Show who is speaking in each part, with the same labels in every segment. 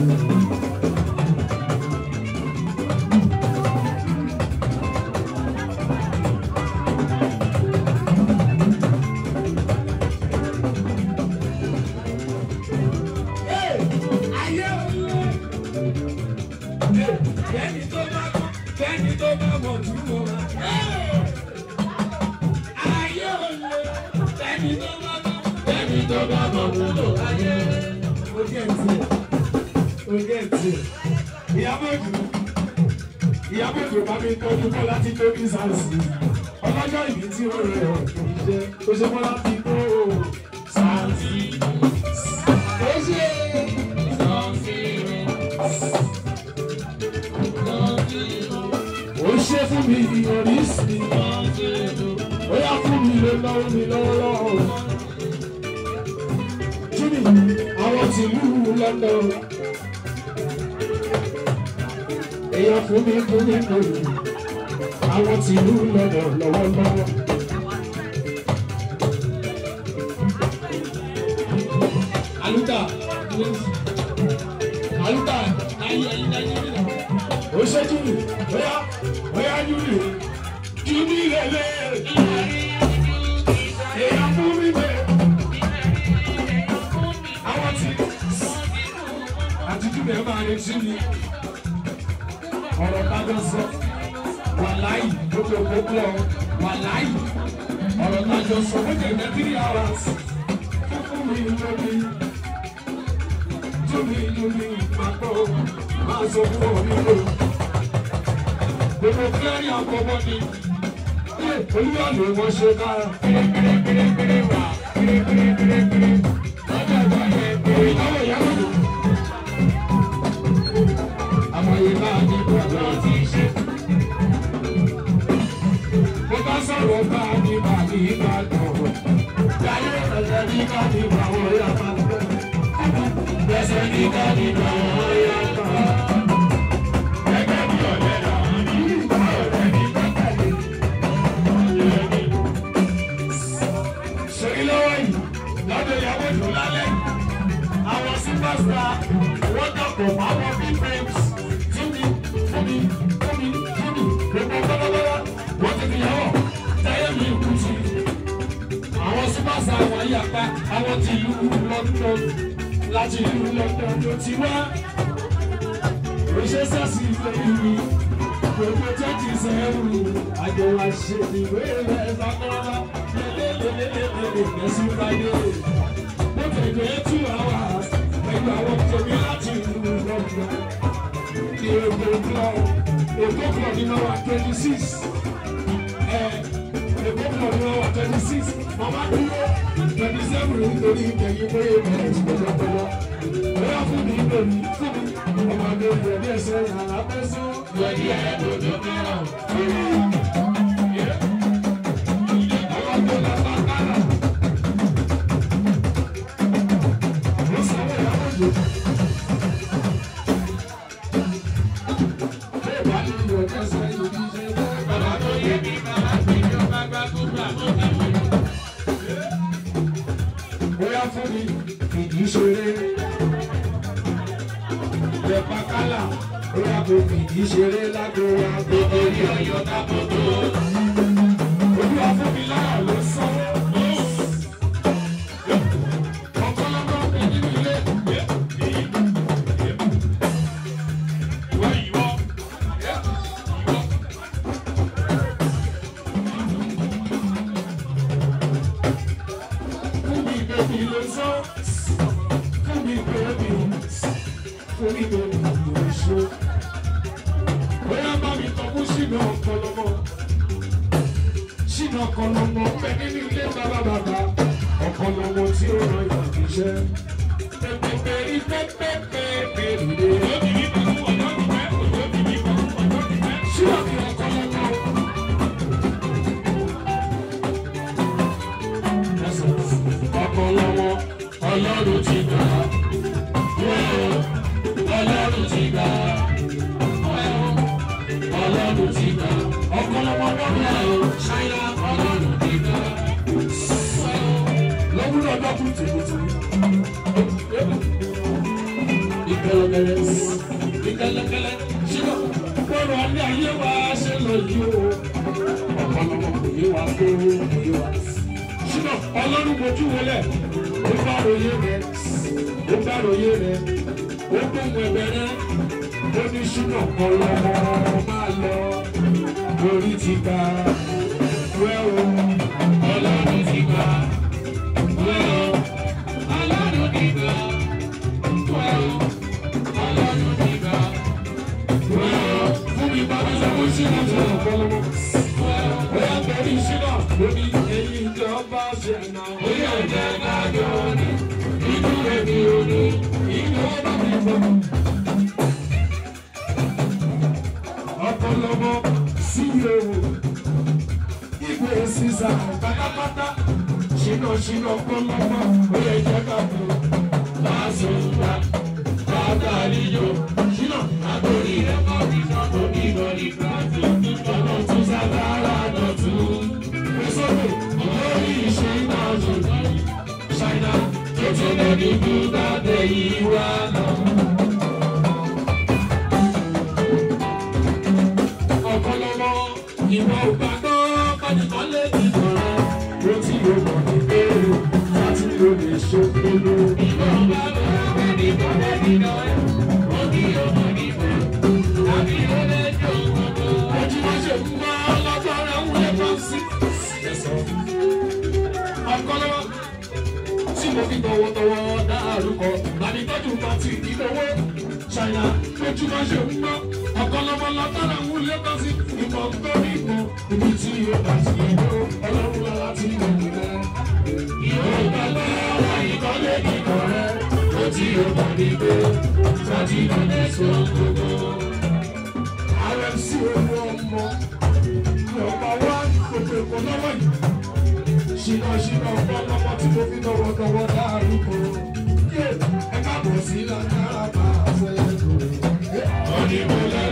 Speaker 1: Thank you. fún mi orí sí i ó yá fún mi lè lọ́wọ́ mi lọ́wọ́lọ́wọ́. Júmi àwọn tìlú London èèyàn fún mi fún mi kò yìí àwọn tìlú London lọ́wọ́lọ́wọ́. Aluta, Aluta, ayé ayé ayé ayé. Ó ṣe Júmi, ẹ máa retí ni ọ̀rọ̀ tájọ sọ wàláì gbogbo gbogbo wàláì ọ̀rọ̀ tájọ sọ wọ́n jẹ̀ jẹ́ three hours fún mi lómi tómi lómi ìpàkọ́ máa sọ fún mi lò gbogbo kílárì àkọ́bọ́ ni olúwa ni mo ṣe ká. Àwọn ìyá kò dùn. Àwọn ìyá ni wọ́n ti ṣe. Mo bá sọ̀rọ̀ bá mi bá mi bá tọ̀. Yàrá ọ̀sẹ̀ ní ká ní bá wọ́n yá bá. Ẹsẹ̀ ní ká ní bá wọ́n yá. pásítà owó dàpọ̀ máa wọ bí Jimmy. túnbí túnbí túnbí túnbí gbogbo Jimmy. wọ́n ti fi yàwọ̀ táyà Jimmy. kù sí. àwọn súpàṣà àwọn Jimmy. àwọn ti ìlú London láti Jimmy. London ló ti wá òṣè Jimmy. ìfẹ́ ìlú gbogbo tẹ́tì sẹ́rù Jimmy. wa ṣe ìwé rẹ̀ lákọ́lá Jimmy. I fáyé. Mo tẹ̀lé two hours nígbà wọn tó bí láti ìlú rọ̀bì ní èkó blọ̀ èkó blọ̀ ní nọ́wà twenty six ẹ̀ èkó blọ̀ ní nọ́wà twenty six màmá dúró twenty seven nítorí ìtẹ̀yìn bóyá ìbẹ̀rẹ̀ ìṣòro lọ́wọ́ bóyá fún mi ìbò mi fún mi ọmọdé ìbẹ̀rẹ̀ ẹ̀sẹ̀ yàrá bẹ́sẹ̀. lọ́dí ẹ̀ẹ́dọ̀dọ̀ mẹ́ràn. it. kẹlẹkẹlẹ ìkẹlẹkẹlẹ ṣílọ kọrọ alẹ ayé wa ṣe lọ yìí o ọ̀pọ̀lọpọ̀ kò yé wa tó kò yé wa ṣílọ ọlọ́run kojú wọlé ó bá ròyé rẹ ó bá ròyé rẹ ó gbóhùn ẹ̀bẹ̀ rẹ ó ní ṣílọ ọlọ́mọ máa lọ orí ti ta. sílẹ̀ tó ń polówó. Bóyá torí ṣílọ̀ lórí ẹyin ìjọba ṣe nà. Bóyá ìjẹ́ ìdájọ́ ni inú ẹ̀mí òní inú ọba mi bọ̀. Ọ̀pọ̀lọpọ̀ sí ewu ìgbé sísá pátápátá ṣìnà ṣìnà pọ́nlọ́pọ́ bóyá ìjẹ́ kàbó. Láàzùn ńlá bàbá àlejò ṣìnà àtòrí rẹ̀ bá lórí kọ́tù ọ̀rọ̀ tún ṣàgbára dọ̀tún. Èsòrò olórí ìṣe náà ṣùgbọ́n ṣáínà tó tún lè ní bí dáadé yìí wá náà. ọ̀pọ̀lọpọ̀ ìwọ ò gbàgbọ́ kọ́nìkan lè. fi tọwọ́ tọwọ́ dárúkọ àdìgbọ́dù pàtì ìdílówó ṣàyà lójúmọ́ ṣe ń gbọ́ ọ̀kọ́lọ́mọ látara ń wúlé bá sí ìbọn tó ní ìbọn ibi tí yóò bá ti yẹ kó ọlọ́run lára ti wọ̀ mí lọ. yóò gbàgbé ọwọ́ ìkọ́lé kíkọ́ rẹ ó ti yóò bá mi gbé láti ìdílé sọ gbogbo. rmc owó ọmọ ọba wa kò pè kọ́ lọ́wọ́ yìí ṣìnà ṣìnà ọ̀pọ̀lọpọ̀ tí mo fi tọwọ́ tọwọ́ dárúkọ. ẹ má bọ̀ sí lágbára bá a fẹ́ lẹ́kọ̀ọ́. ó ní mo lẹ́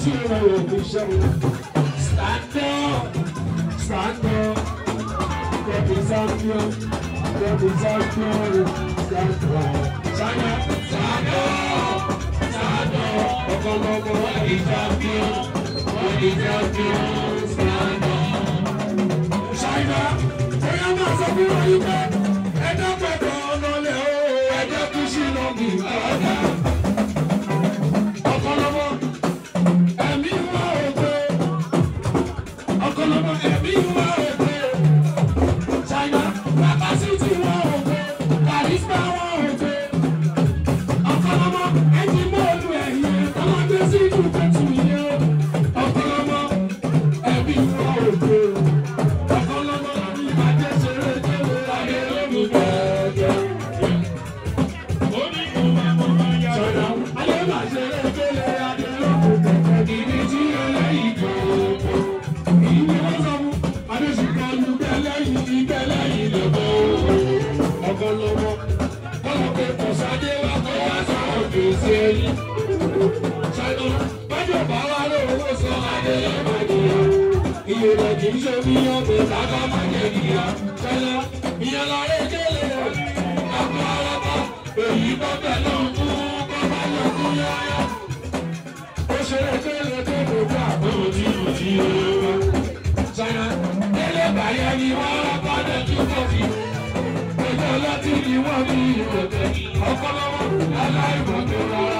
Speaker 1: Stand up, stand up. God is on you, God is on you. Stand up, stand up, stand up, stand up. Oh, God is on you, God is on you. Stand up. China, up. ma sọ fún wa yìí pé ẹjọ́ pẹ̀lú ọ̀nà lè o, ẹjọ́ kìí ṣì lọ́ọ̀gì ọ̀gá. bẹ́ẹ̀ lọ́hùn fún bàbá yòókù yáyá. ó ṣe ètò ìrètò ìdòkú àbúrò tí kò tí ó wá. sọ̀rọ̀ ẹlẹ́bàáyá ni wọ́n rọ́ bọ́dọ̀ tó kọ́fì. ẹgbẹ́ ọlọ́tí ni wọ́n bí ìròtẹ̀ ọkọ́ lọ́wọ́ aláìmọ̀ tó rọra.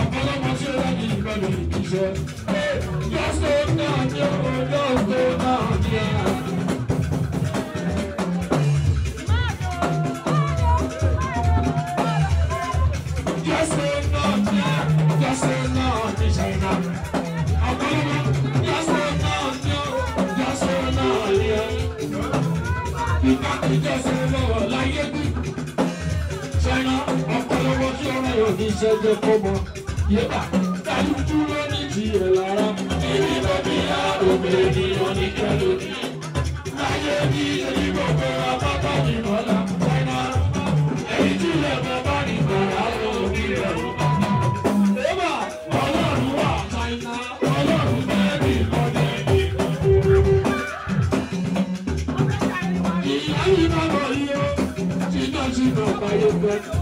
Speaker 1: ọ̀pọ̀lọpọ̀ tí ó wà ní ìkọlù ìṣẹ́. iṣẹ́ jẹ́ kọ́mọ. Yébà kálukú ló ní tiẹ̀ lára. Ibi ló bí àròmọ ènìyàn ní kẹlòmí. Láyé ní èyí gbogbo apáta ní mọ́lá. Ṣáínà èyí tí ilẹ̀ mọ́ bá ní bàrà òbí rẹ̀ ló bá. Yébà ọlọ́run wà Ṣáínà ọlọ́run bẹ́ẹ̀ ní ọdẹ nìkan. Ìyá yìí bá bọ̀ yí o, ṣìjọ́ ṣìjọ́ báyé pẹ́.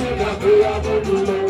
Speaker 1: Imagine that we are the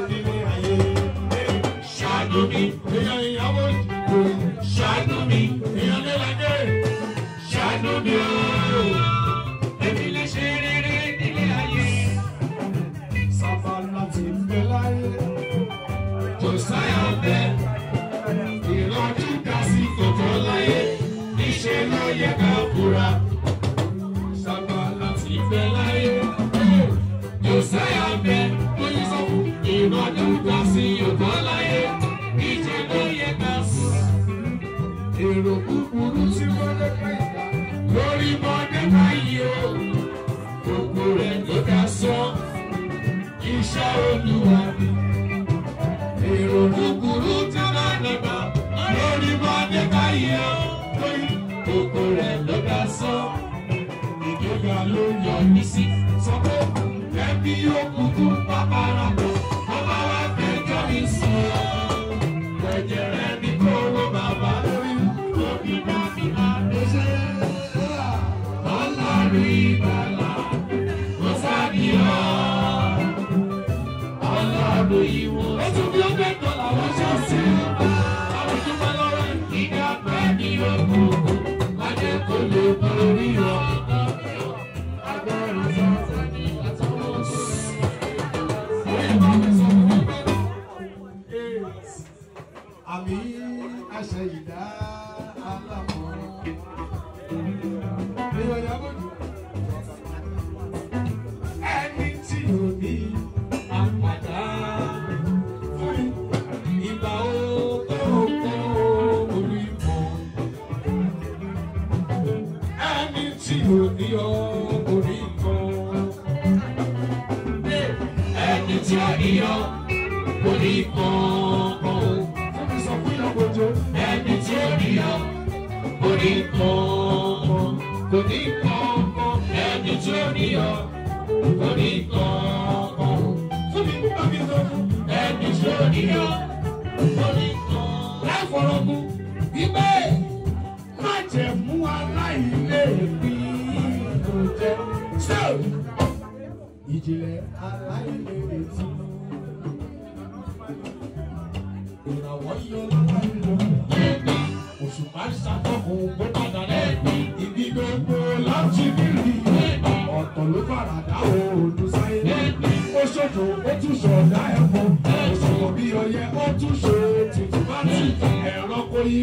Speaker 1: èrò kúkúrú tí Mọ́dékáì dá lórí Mọ́dékáì o gbogbo rẹ̀ ló dá sán iṣẹ́ Olúwa ni èrò kúkúrú tí Mọ́dékáì dá lórí Mọ́dékáì o gbogbo rẹ̀ ló dá sán ìgbéga ló yọ ní sí. ìlú ìwò oṣù bí ó fẹ́ tó làwọn ṣọ́ọ̀ṣì àwọn tó bá lọ́rọ̀ ìdí àgbà ní òkú adé kò lè borí wọn.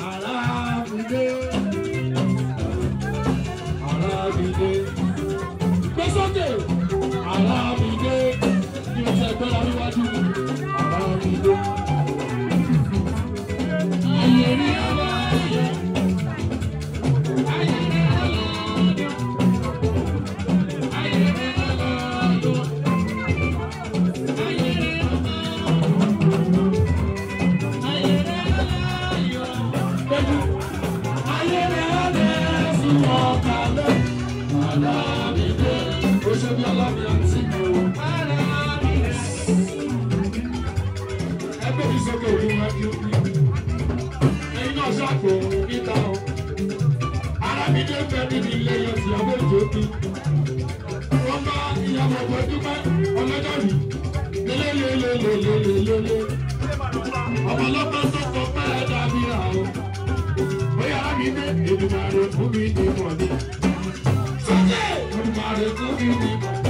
Speaker 1: I love you. nílé Èdùmàrè fún mi ní mọ̀lẹ́. Olùmàrè fún mi ní mọ̀lẹ́.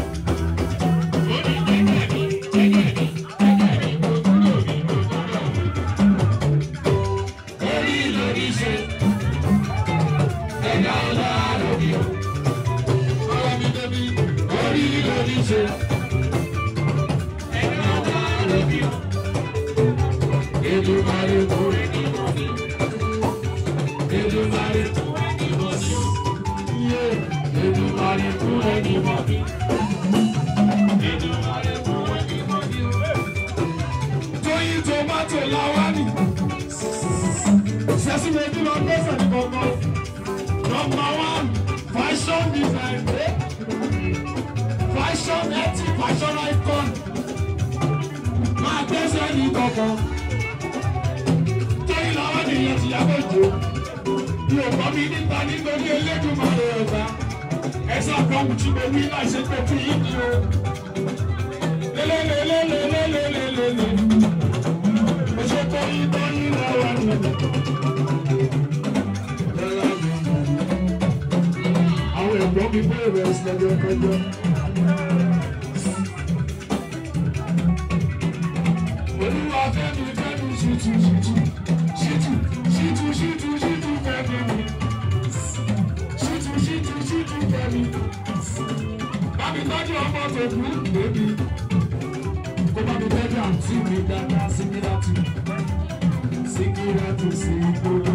Speaker 1: number one fashion design fashion ethic fashion icon My máa gbẹ́sẹ̀ ní kankan torí làwọn ènìyàn ti yàgò jò mi ò gbọ́ mi níta nítorí Elédùmarè ọ̀gá ẹ ṣàkóhùn tí mo le le le le le le le le le. òṣèkọ́ yìí tán yín lọ́wọ́ ni. ṣùgbọ́n mi bẹ̀rẹ̀ lọ́jọ́kọjọ́. olúwa fẹ́mi fẹ́mi ṣìtú ṣìtú ṣìtú ṣìtú ṣìtú ṣìtú fẹ́mi mi ṣìtú ṣìtú ṣìtú fẹ́mi. bá mi tọ́jú ọmọ tó kú bèbí kó bá mi tọ́jú àǹtí mi dáadáa sí mi láti sí kí láti sí ìgboro.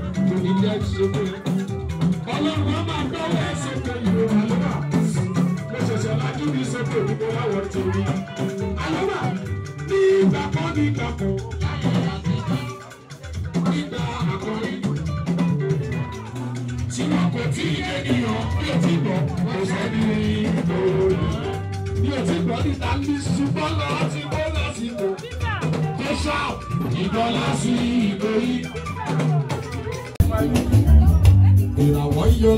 Speaker 1: kò ní jẹ́ ìṣòro ẹ̀. ọlọ́run á máa dọ́wọ́ ẹ̀sìn kan ìlú àlọ́bà mo ṣẹ̀ṣẹ̀ lájú mi sókè òkúta láwọ̀ torí àlọ́bà ní ìgbà kan ní ìgbà kan nígbà àkọ́rí tí wọn kò tí ì ènìyàn bí o ti gbọ́ kò sẹ́ni òòlù bí o ti gbọ́ níta ní ṣùgbọ́n lọ́ọ́ ti bọ́ lọ́sìkò tó ṣáà ìgbọ́ lásìkò yìí. You.